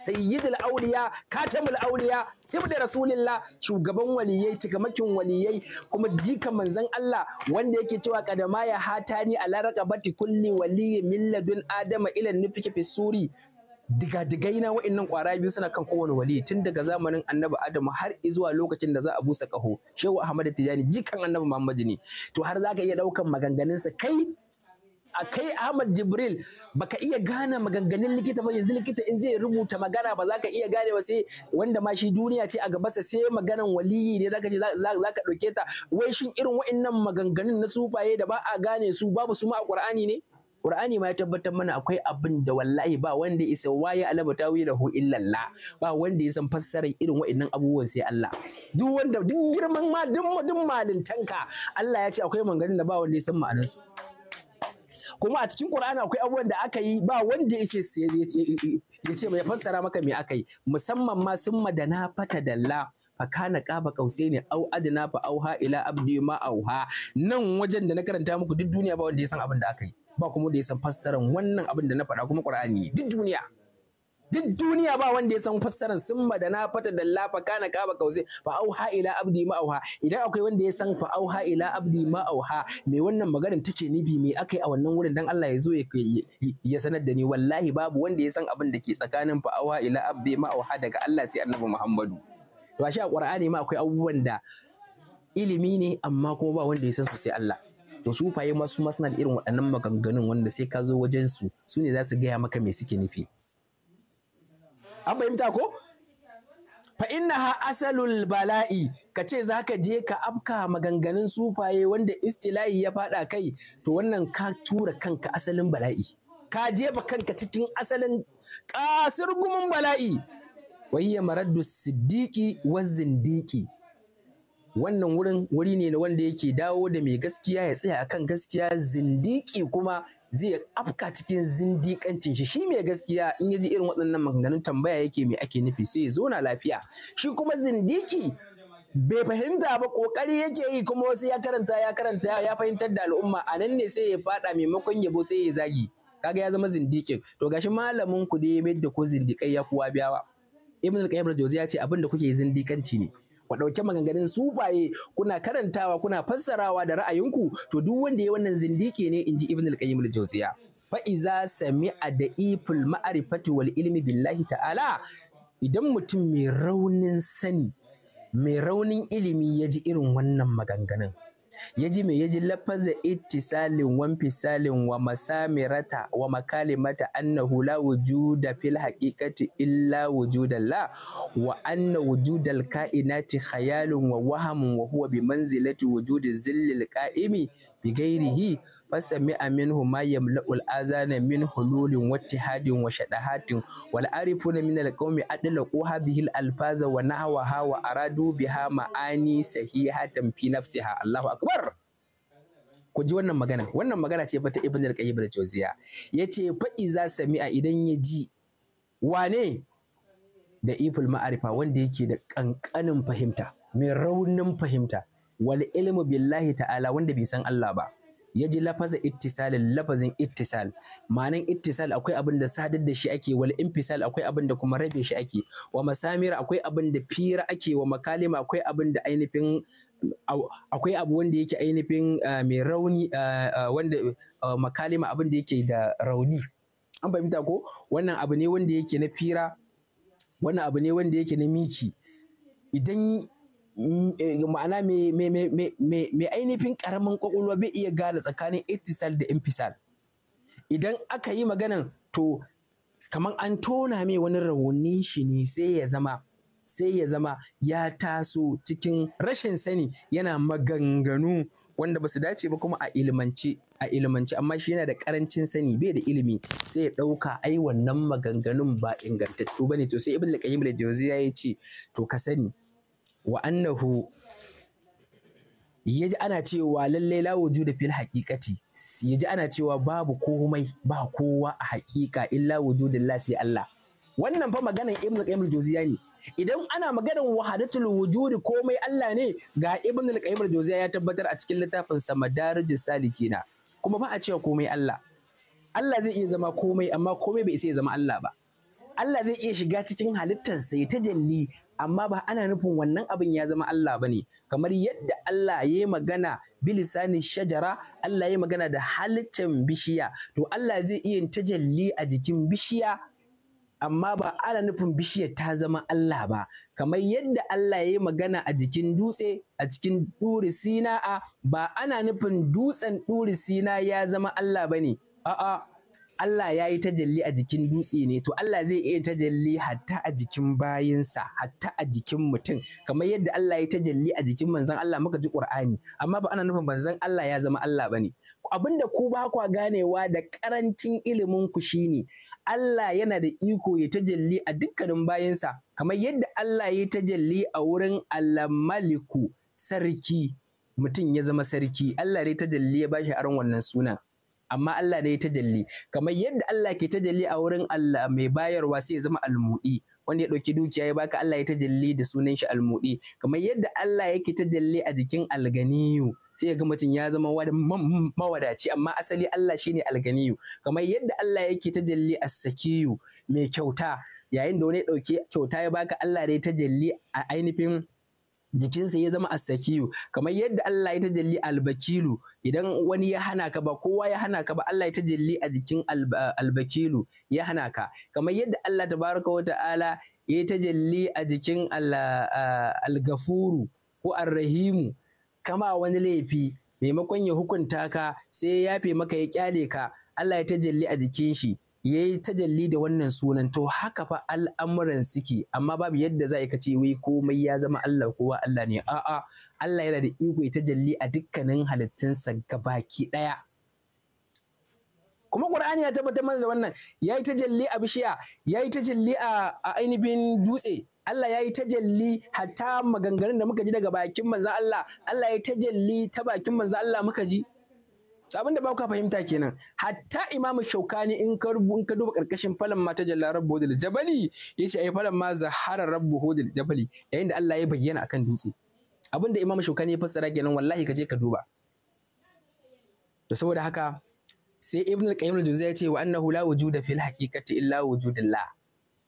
sayyidul auliya katamul auliya sibda rasul rasulillah shugaban waliyai cikamakin waliyai kuma jika manzon Allah wanda yake cewa kadama ya hata a laraka bati kulli waliyi min ladun adama ila nufiki fi suri digai na wa'annan kwara biyu suna kan kowane wali tun daga zamanin annabi adamu har zuwa lokacin da za a busa kaho shehu ahmad tijani jikan annabi muhammad ne to har zaka iya daukan maganganunsa kai a kai Ahmad Jibril baka iya gane maganganun likita ba yanzu likita in zai rubuta magana ba za ka iya gane ba sai wanda ma shi duniya ce a sa sai maganan waliyi ne zaka ce za ka ɗauke ta wai shin irin wa'annan maganganun na sufaye da ba a gane su babu su ma a Qur'ani ne Qur'ani ma ya tabbatar mana akwai abin da wallahi ba wanda ya san waye alama tawilahu illallah ba wanda ya san fassarar irin wa'annan abubuwan sai Allah duk wanda duk girman ma duk malintanka Allah ya ce akwai maganganun da ba wanda ya san ma'anarsu kuma a cikin Qur'ani akwai abubuwan da aka yi ba wanda yake ya ce mai fassara maka me aka yi musamman ma sun madana fata dalla fakana qaba ne au adna fa auha ila abdi ma auha nan wajen da na karanta muku duk duniya ba wanda ya san abin da aka yi ba kuma da ya san fassaran wannan abin da na faɗa kuma Qur'ani duk duniya duk duniya ba wanda ya san fassarar summa da na fata da lafa kana kaba kausai fa auha ila abdi ma auha idan akwai wanda ya san fa auha ila abdi ma auha me wannan maganar take nibi me akai a wannan wurin dan Allah ya zo ya sanar da ni wallahi babu wanda ya san abin da ke tsakanin fa auha ila abdi ma auha daga Allah sai Annabi Muhammadu to shi a Qur'ani ma akwai abubuwan da ilimi ne amma kuma ba wanda ya san su sai Allah to su fa ma su irin waɗannan maganganun wanda sai ka zo wajen su su ne za su gaya maka me suke nufi an fahimta ko fa innaha asalul bala'i ka ce za ka je ka afka maganganun sufaye wanda istilahi ya faɗa kai to wannan ka tura kanka asalin bala'i ka jefa kanka cikin asalin kasir gumin bala'i wayya maraddu siddiqi wa zindiki wannan wurin wuri ne na wanda yake dawo da mai gaskiya ya tsaya akan gaskiya zindiki kuma zai afka cikin zindikancin shi shi mai gaskiya in ya ji irin waɗannan maganganun tambaya yake mai ake nufi sai ya zo na lafiya shi kuma zindiki bai fahimta ba kokari yake yi kuma wasu ya karanta ya karanta ya fahimtar da al'umma a nan ne sai ya faɗa maimakon yabo sai ya zagi kaga ya zama zindikin to gashi malamin ku dai ya da ku zindikai ya kuwa biyawa ibn al-qayyim ya ce abin da kuke zindikanci ne ku ɗauki maganganun sufaye kuna karantawa kuna fassarawa da ra'ayinku to duk wanda ya wannan zindiki ne inji ibn al-qayyim al-jawziya fa iza sami'a da iful ma'rifati wal ilmi billahi ta'ala idan mutum mai raunin sani mai raunin ilimi ya ji irin wannan maganganun Ya ji me ya ji lafaza ittisalin wan fisalin wa masamirata wa makalimata annahu la wujuda fil haqiqati illa wujudallah wa anna wujudal kainati khayalun wa wahamun wa huwa bi manzilati wujudi zillil qa'imi bi ghairihi fasami aminhu ma yamla'ul azana min hululin wattihadin wa shadahatin wal minal min alqawmi adlaquha bihil alfaza wa nahwaha wa aradu biha ma'ani sahihatan fi nafsiha Allahu akbar ku ji wannan magana wannan magana ce fa ta ibn al-qayyim al-jawziya yace fa iza sami'a idan ya ji wane da iful ma'arifa wanda yake da kankanin fahimta mai raunin fahimta wal ilmu billahi ta'ala wanda bai san Allah ba ya ji lafaza ittisalin lafazin ittisal Ma'anin ittisal akwai abin da sadar da shi ake wal infisal akwai abin da kuma rabe shi ake wa masamira akwai abin da fira ake wa makalima akwai abin da ainihin akwai abu wanda yake ainihin eh, mai rauni eh, eh, wanda makalima abin da yake da rauni an fahimta ko wannan abu ne wanda yake na fira wannan abu ne wanda yake na miki idan Mm, eh, ma'ana mai ainihin karamin ƙwaƙwalwa bai iya gane tsakanin itisal da infisal idan aka yi magana, to kamar an tona mai wani rauni shi ne sai ya zama sai ya zama ya taso cikin rashin sani yana maganganu wanda ba su dace ba kuma a ilimance a ilimance amma shi yana da karancin sani bai da ilimi sai ya ɗauka ai wannan maganganun ba ingantattu bane to sai ibn al-qayyim al-jawziya ya ce to ka sani wa annahu ya ana cewa lallai la wujuda fil haqiqati ya ana cewa babu komai ba kowa a haƙiƙa illa wujudillah sai Allah wannan fa maganan ibn qayyim al-jawziya ne idan ana maganar wahadatul wujudi komai Allah ne ga ibn al-qayyim al ya tabbatar a cikin littafin sa madarijus salikina kuma ba a cewa komai Allah Allah zai iya zama komai amma komai bai isa ya zama Allah ba Allah zai iya shiga cikin halittar sa ya tajalli amma ba ana nufin wannan abin ya zama Allah ba ne kamar yadda Allah ya yi magana bilisanin shajara Allah ya yi magana da halittar bishiya to Allah zai iya tajalli a jikin bishiya amma ba ana nufin bishiyar ta zama Allah ba kamar yadda Allah ya yi magana a jikin dutse a cikin ɗuri sina'a ba ana nufin dutsen ɗuri sina ya zama Allah ba ne a'a Allah ya yi tajalli a jikin dutse ne to Allah zai iya tajalli hatta a jikin bayinsa hatta a jikin mutum kamar yadda Allah ya yi tajalli a jikin manzon Allah muka ji Qur'ani amma ba ana nufin manzon Allah ya zama Allah bane abinda ku ba kwa ganewa da karancin ilimin ku shine Allah yana da iko ya tajalli a dukkanin bayinsa kamar yadda Allah ya yi tajalli a wurin Allah maliku sarki mutum ya zama sarki Allah yi tajalli ya bashi aron wannan sunan amma Allah ne ya tajalli kamar yadda Allah ke tajalli a wurin Allah mai bayarwa sai ya zama almudi wanda ya dauki dukiya ya baka Allah ya tajalli da sunan shi almudi kamar yadda Allah yake tajalli a jikin alganiyu sai ga mutum ya zama wani mawadaci amma asali Allah shine alganiyu kamar yadda Allah yake tajalli a sakiyu mai kyauta yayin da wani ya ɗauki kyauta ya baka Allah da ya tajalli a ainihin jikinsa ya zama asakiyu kamar yadda Allah ya tajalli albakilu idan wani ya hana ka ba kowa ya hana ka ba Allah ya tajalli a jikin albakilu ya hana ka kamar yadda Allah tabaraka wa ta'ala ya tajalli a jikin algafuru ko arrahimu kama wani laifi maimakon ya hukunta ka sai ya yafe maka ya kyale ka Allah ya tajalli a jikin shi ya yi tajalli da wannan sunan to haka fa al'amuran suke amma babu yadda za ka ce wai komai ya zama Allah kowa Allah ne a'a Allah yana da iko ya tajalli a dukkanin halittunsa gabaki ɗaya kuma ƙurani ya tabbatar mana da wannan ya yi tajalli a bishiya ya yi tajalli a ainihin dutse Allah ya yi tajalli hatta maganganun da muka ji daga bakin manzo Allah Allah ya yi tajalli ta bakin manzo Allah muka ji sabon da ba ka fahimta kenan hatta imamu shaukani in ka in ka duba karkashin falan mata jalla rabbu hudul jabali yace ai falan ma zahara rabbu hudul jabali yayin da Allah ya bayyana akan dutse abin da imamu shaukani ya fassara kenan wallahi ka je ka duba to saboda haka sai ibn al-qayyim al-juzayy ya ce wa annahu la wujuda fil haqiqati illa wujudillah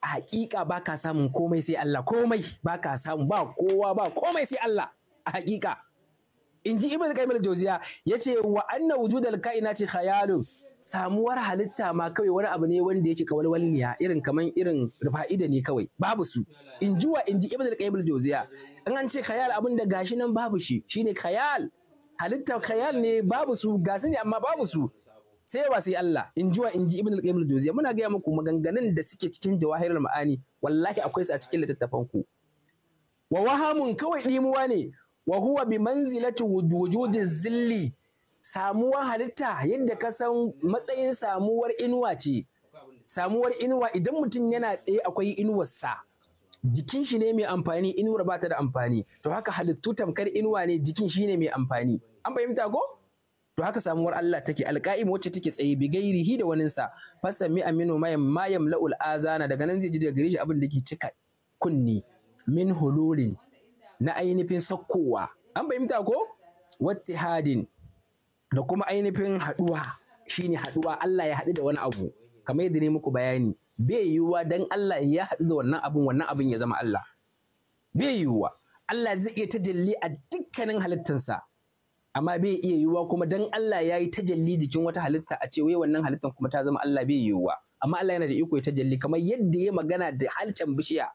a haƙiƙa ba ka samun komai sai Allah komai ba ka samu ba kowa ba komai sai Allah a haƙiƙa in ji ibn kaimar al ya ce wa anna wujud al ce khayalun samuwar halitta ma kawai wani abu ne wanda yake kawalwalniya irin kaman irin fa'ida ne kawai babu su in ji wa in ji ibn kaimar al in an ce khayal abin da gashi nan babu shi shine khayal halitta khayal ne babu su ga ne amma babu su sai ba sai Allah in ji wa in ji ibn kaimar qayyim muna ga muku maganganun da suke cikin jawahirul ma'ani wallahi akwai su a cikin littattafan ku wa wahamun kawai dimuwa ne wa huwa bi manzilati wujudin zilli samuwar halitta yadda ka san matsayin samuwar inuwa ce samuwar inuwa idan mutum yana tsaye akwai inuwarsa jikin shi ne mai amfani inuwar ba ta da amfani to haka halittu tamkar inuwa ne jikin shi ne mai amfani an fahimta ko to haka samuwar Allah take alƙa'im wacce take tsaye bi gairihi da waninsa fasami aminu mayam mayam la'ul azana daga nan zai ji daga gare shi abin da ke cika kunni min hululin na ainihin sakkowa an fahimta ko wattihadin da kuma ainihin haduwa shine haduwa Allah ya haɗu da wani abu kamar yadda ne muku bayani bai yiwuwa dan Allah ya haɗu da wannan abun wannan abun ya zama Allah bai yiwuwa Allah zai iya tajalli a dukkanin halittansa amma bai iya yiwuwa kuma dan Allah ya yi tajalli jikin wata halitta a ce wai wannan halittan kuma ta zama Allah bai yiwuwa amma Allah yana da iko ya tajalli kamar yadda ya magana da halcan bishiya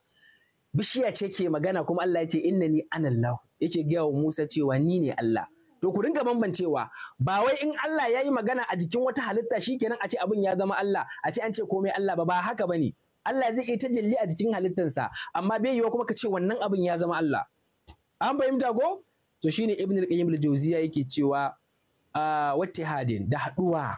bishiya ce ke magana kuma Allah ya ce ni anallahu yake gaya wa Musa cewa ni ne Allah to ku dinga bambancewa ba wai in Allah ya yi magana a jikin wata halitta shikenan a ce abin ya zama Allah a ce an ce komai Allah ba ba haka bane Allah zai iya tajalli a jikin halittansa amma bai yiwa kuma ka ce wannan abin ya zama Allah an fahimta ko to shine ibn al-qayyim al-jawziya yake cewa wattihadin da haduwa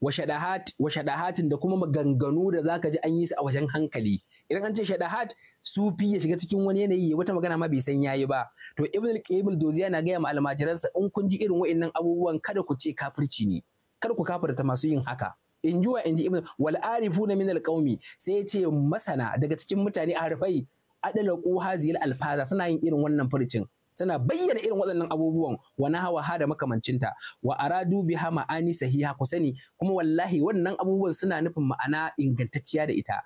wa shadahatin da kuma maganganu da zaka ji an yi su a wajen hankali idan an ce shadahat sufi ya shiga cikin wani yanayi ya wata magana ma bai san yayi ba to ibn al-qayyim al na gaya ma almajiransa in kun ji irin wa'annan abubuwan kada ku ce kafirci ne kada ku kafirta masu yin haka in ji wa in ji ibn wal arifuna min al-qaumi sai ya ce masana daga cikin mutane arifai adala ku al alfaza suna yin irin wannan furcin suna bayyana irin waɗannan abubuwan wa na hawa ha da makamancinta wa aradu biha ma'ani sahiha ku sani kuma wallahi wannan abubuwan suna nufin ma'ana ingantacciya da ita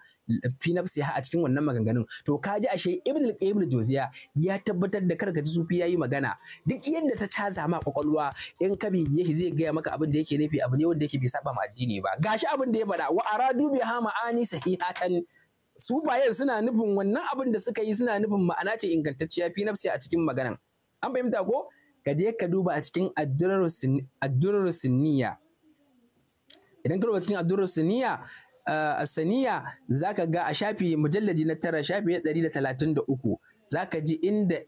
fi ha a cikin wannan maganganun to ka ashe ibn al-qayyim al-jawziya ya tabbatar da karkaji sufi yayi magana duk yadda ta caza ma kwakwalwa in ka bibiye shi zai gaya maka abin da yake nufi abu ne wanda yake bai saba ma addini ba gashi abin da ya bada wa aradu biha ma'ani sahihatan su bayan suna nufin wannan abin da suka yi suna nufin ma'ana ce ingantacciya fi nafsi a cikin magana. an fahimta ko ka je ka duba a cikin addurar siniya idan ka duba cikin addurar siniya a eh, saniya za ka ga a shafi mujalladi na tara shafi ɗari da talatin da uku za ka ji inda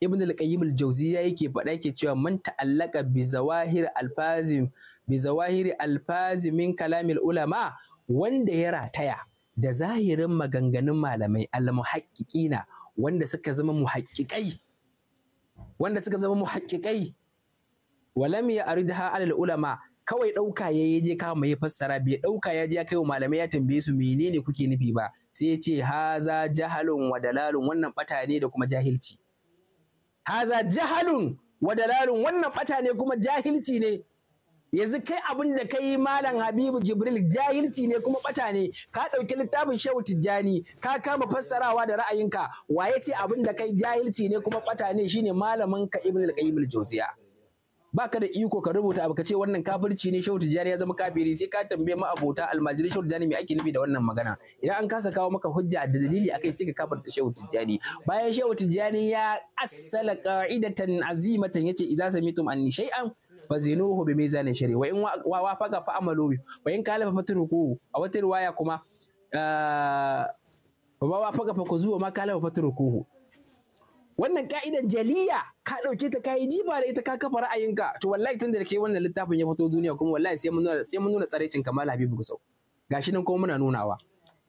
ibn al-qayyim al yake faɗa ke cewa mun ta'allaka bi zawahir alfazim bi zawahir alfazimin kalamil ulama wanda ya rataya da zahirin maganganun malamai almuhaƙiƙina wanda suka zama muhaƙiƙai wanda suka zama muhaƙiƙai walam ya aridha alal ulama kawai ɗauka ya yi je kama mai fassara bai ɗauka ya je ya kai wa malamai ya tambaye su menene kuke nufi ba sai ya ce haza jahalun wa dalalun wannan bata ne da kuma jahilci haza jahalun wa dalalun wannan bata ne kuma jahilci ne yanzu kai abin da ka yi malam habibu jibril jahilci ne kuma bata ne ka ɗauki littafin shehu tijjani ka kama fassarawa da ra'ayinka ya ce abin da kai jahilci ne kuma bata ne shine malamin ka ibn al-qayyim al-jawziya baka da iko ka rubuta abu ka ce wannan kafirci ne shehu tijjani ya zama kafiri sai ka tambaye ma abota almajiri shehu tijjani me ake nufi da wannan magana idan an kasa kawo maka hujja da dalili akai sai ka kafirta shehu tijjani bayan shehu tijjani ya assala qa'idatan azimatan yace idza samitum anni shay'an fazinuhu bi mizanin shari wa in wa faga fa amalu bi wa in kala fa fatruku a wata riwaya kuma ah, wa faga fa kuzu ma kala fa fatrukuhu wannan ka'idan jaliya ka dauke ta kai jiba da ita ka kafa ra'ayinka to wallahi tunda da kai wannan littafin ya fito duniya kuma wallahi sai mun nuna sai mun nuna tsarecin kamal habibu gusau gashi nan kuma muna nunawa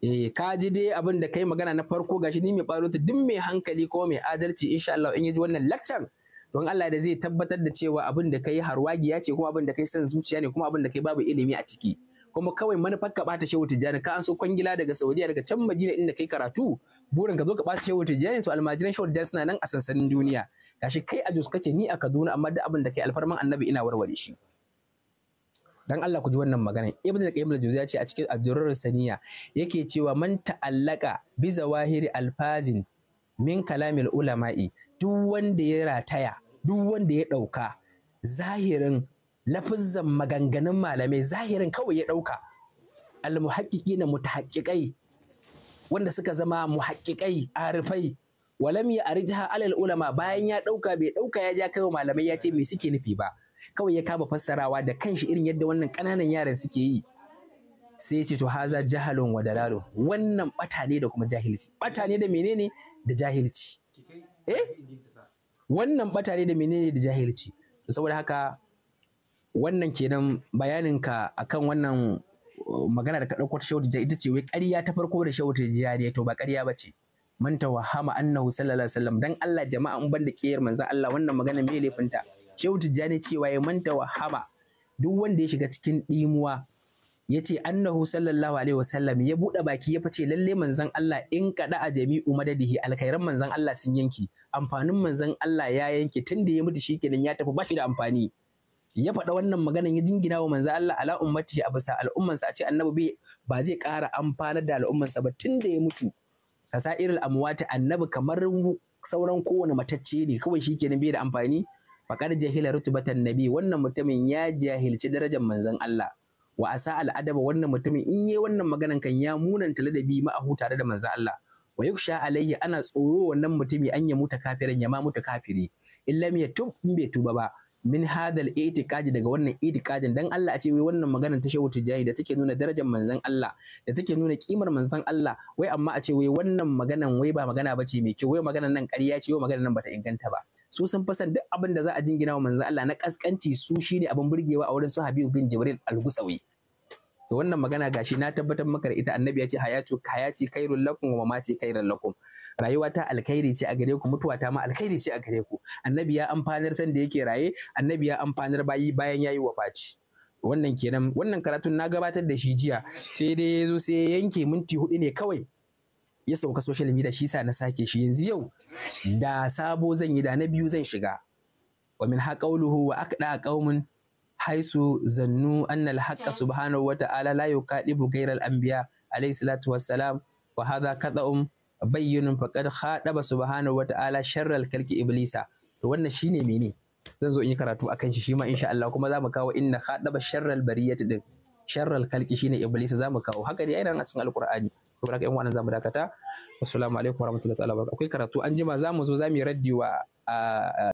eh ka ji dai abin da kai magana na farko gashi ni mai ɓaro ta duk mai hankali ko mai adalci insha Allah in yi wannan lecture don Allah da zai tabbatar da cewa abin da kai harwagiya ce kuma abin da kai san zuciya ne kuma abin da kai babu ilimi a ciki kuma kawai manufar ka bata shehu tijjani ka an so kwangila daga saudiya daga can madina inda kai karatu burin ka zo ka bata shehu tijjani to almajiran shehu tijani suna nan a sansanin duniya gashi kai a jos kake ni a kaduna amma duk abin da kai alfarman annabi ina warware shi dan Allah ku ji wannan magana ibnu qayyim al ya ce a cikin ad-durrur saniya yake cewa man ta'allaka bi zawahiri alfazin min kalamil ulama'i duk wanda ya rataya duk wanda ya ɗauka zahirin lafizan maganganun malamai zahirin kawai ya ɗauka almuhaƙiƙi na mutahaƙiƙai wanda suka zama muhaƙiƙai arifai walam ya arjiha alal ulama bayan ya ɗauka bai ɗauka ya ja kai malamai ya ce me suke nufi ba kawai ya kama fassarawa da kanshi irin yadda wannan ƙananan yaran suke yi sai ya ce to haza jahalun wa dalalun wannan ɓata da kuma jahilci ɓata ne da menene da jahilci eh wannan bata da menene da jahilci saboda haka wannan kenan bayaninka akan wannan uh, magana da ka ɗauko ta shawarta ita ce wai ƙarya ta farko da shawar jariya to ba ƙarya ba ce wa hama annahu sallallahu alaihi wasallam dan Allah jama'a in banda kiyar manzo Allah wannan magana me laifinta shawar jariya cewa ya manta wa hama duk wanda ya shiga cikin ɗimuwa. ya ce annahu sallallahu alaihi wasallam ya buɗe baki ya fice lalle manzon Allah in kada a jami'u madadihi alkhairan manzon Allah sun yanki amfanin manzon Allah ya yanke tunda ya mutu shikenan ya tafi bashi da amfani ya faɗa wannan maganan ya jingina wa manzon Allah ala ummati a bisa al'ummansa a ce annabi ba zai ƙara amfanar da al'ummansa ba tunda ya mutu kasairul amwati annabi kamar sauran kowane matacce ne kawai shikenan bai da amfani faqad jahila rutbatan nabi wannan mutumin ya jahilci darajar manzon Allah wa asa al'adaba wannan mutumin in yi wannan maganan kan ya munanta ladabi ma'ahu tare da manzo Allah wa yuksha alayya ana tsoro wannan mutumi an ya muta kafirin ya ma muta kafiri in lam yatub in bai tuba ba min hadal itiqadi daga wannan itiqadin dan Allah a ce wai wannan maganar ta shehu tijani da take nuna darajar manzon Allah da take nuna kimar manzon Allah wai amma a ce wai wannan maganan wai ba magana bace mai kyau wai magana nan ƙarya ce wai magana nan bata inganta ba su sun fasan duk abin da za a jingina wa manzon Allah na kaskanci su shine abin burgewa a wurin su Habibu bin Jibril al-Gusawi to wannan magana gashi na tabbatar maka da ita annabi ya ce hayatu hayati khairul lakum wa mamati khairul lakum rayuwa ta alkhairi ce a gare ku mutuwa ta ma alkhairi ce a gare ku annabi ya amfanar san da yake raye annabi ya amfanar bayi bayan yayi wafaci wannan kenan wannan karatun na gabatar da shi jiya sai dai yazo sai ya yanke minti hudu ne kawai ya sauka social media shi sa na sake shi yanzu yau da sabo zan yi da na biyu zan shiga wa min haqawluhu wa aqda qaumun haisu zannu annal haqqa subhanahu wa ta'ala la yuqadibu ghayral anbiya alayhi salatu wassalam wa hadha kada'um bayyinun faqad khadaba subhanahu wa ta'ala sharral kalki iblisa to wannan shine mene zan zo in yi karatu akan shi shima insha Allah kuma zamu kawo inna khadaba sharral bariyati din sharral kalki shine iblisa zamu kawo haka dai ainihin a cikin alqur'ani to baraka yan wannan zamu dakata assalamu alaikum warahmatullahi ta'ala baraka akwai karatu an jima zamu zo zamu yi raddi wa